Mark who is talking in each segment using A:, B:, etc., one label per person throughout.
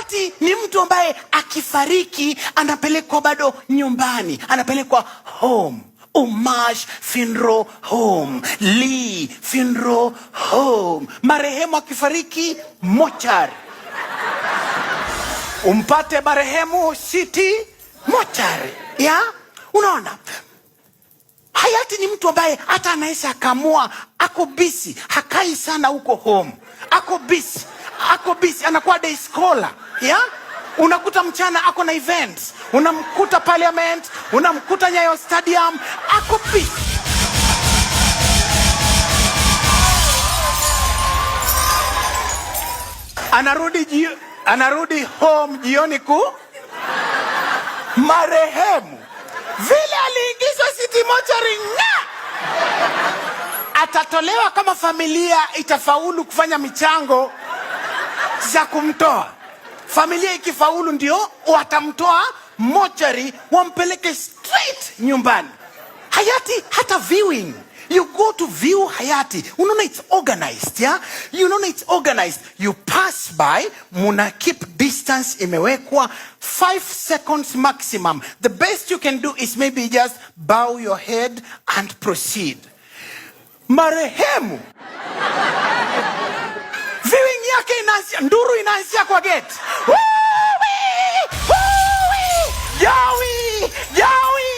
A: Wakati ni mtu ambaye akifariki anapelekwa bado nyumbani, anapelekwa home Umash finro Home, li finro Home. Marehemu akifariki mochar umpate marehemu city mochar ya. Unaona, hayati ni mtu ambaye hata anaweza akamua ako bisi, hakai sana huko home, ako bisi, ako bisi, anakuwa day ya Unakuta mchana ako na event, unamkuta Parliament, unamkuta Nyayo Stadium, ako pi Anarudi, anarudi home jioni ku marehemu vile aliingizwa City Mortuary nga atatolewa kama familia itafaulu kufanya michango za kumtoa. Familia ikifaulu ndio watamtoa mochari wampeleke straight nyumbani. Hayati hata viewing You go to view hayati, unaona it's organized, ya yeah? You know it's organized. You pass by, muna keep distance imewekwa, five seconds maximum. The best you can do is maybe just bow your head and proceed. Marehemu yake inaanzia nduru, inaanzia kwa geti. jawi, jawi.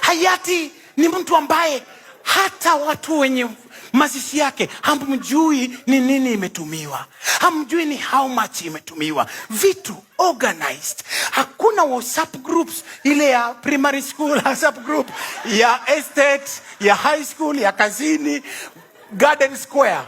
A: Hayati ni mtu ambaye hata watu wenye Mazishi yake hamjui ni nini imetumiwa, hamjui ni how much imetumiwa, vitu organized. Hakuna WhatsApp groups ile ya primary school, WhatsApp group ya estate, ya high school, ya kazini, garden square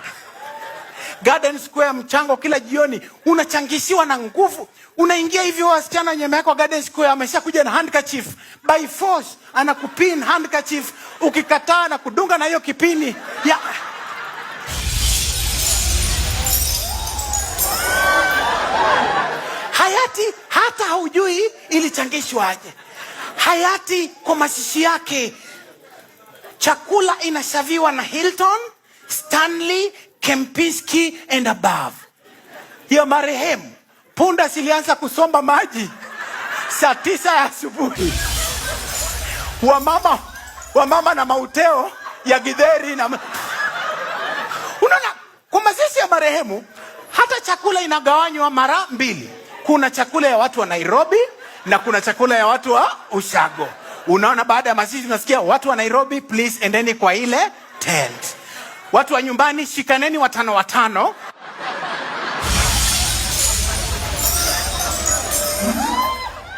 A: Garden Square mchango kila jioni, unachangishiwa na nguvu. Unaingia hivyo, wasichana wenye miaka Garden Square ameshakuja na handkerchief by force, anakupin handkerchief, ukikataa na kudunga na hiyo kipini ya Hayati hata haujui aje. Hayati kwa mazishi yake chakula inashaviwa na Hilton, Stanley Kempinski and above hiyo marehemu. Punda zilianza kusomba maji saa tisa ya asubuhi. Wamama, wamama na mauteo ya gidheri na unaona, kwa mazishi ya marehemu hata chakula inagawanywa mara mbili. Kuna chakula ya watu wa Nairobi na kuna chakula ya watu wa Ushago. Unaona, baada ya mazishi unasikia watu wa Nairobi please endeni kwa ile tent. Watu wa nyumbani shikaneni watano watano.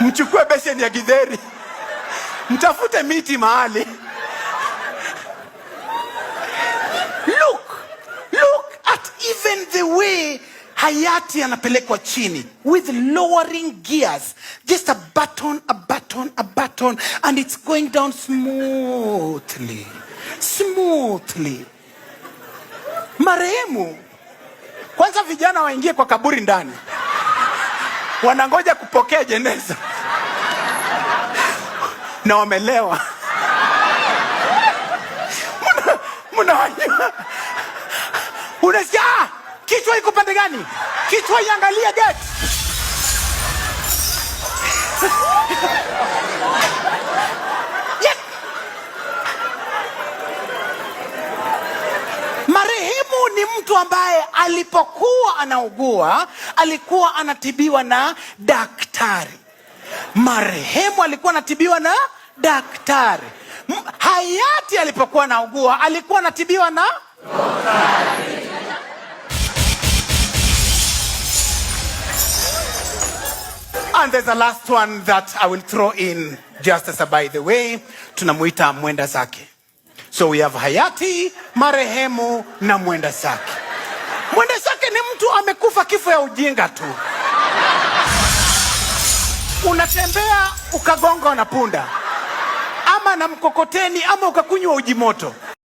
A: Mchukue beseni ya gidheri, mtafute miti mahali. Look, look at even the way hayati anapelekwa chini with lowering gears, just a button, a button, a button, and it's going down smoothly, smoothly marehemu. Kwanza vijana waingie kwa kaburi ndani, wanangoja kupokea jeneza na wamelewa. Mnawajua, unasikia ah, kichwa iko pande gani? Kichwa iangalia gati ni mtu ambaye alipokuwa anaugua alikuwa anatibiwa na daktari. Marehemu alikuwa anatibiwa na daktari. Hayati alipokuwa anaugua alikuwa anatibiwa na
B: daktari.
A: And there's a last one that I will throw in just as a by the way, tunamuita mwenda zake. So we have hayati, marehemu na mwenda zake. Mwenda zake ni mtu amekufa kifo ya ujinga tu. Unatembea ukagonga na punda ama na mkokoteni ama ukakunywa uji moto.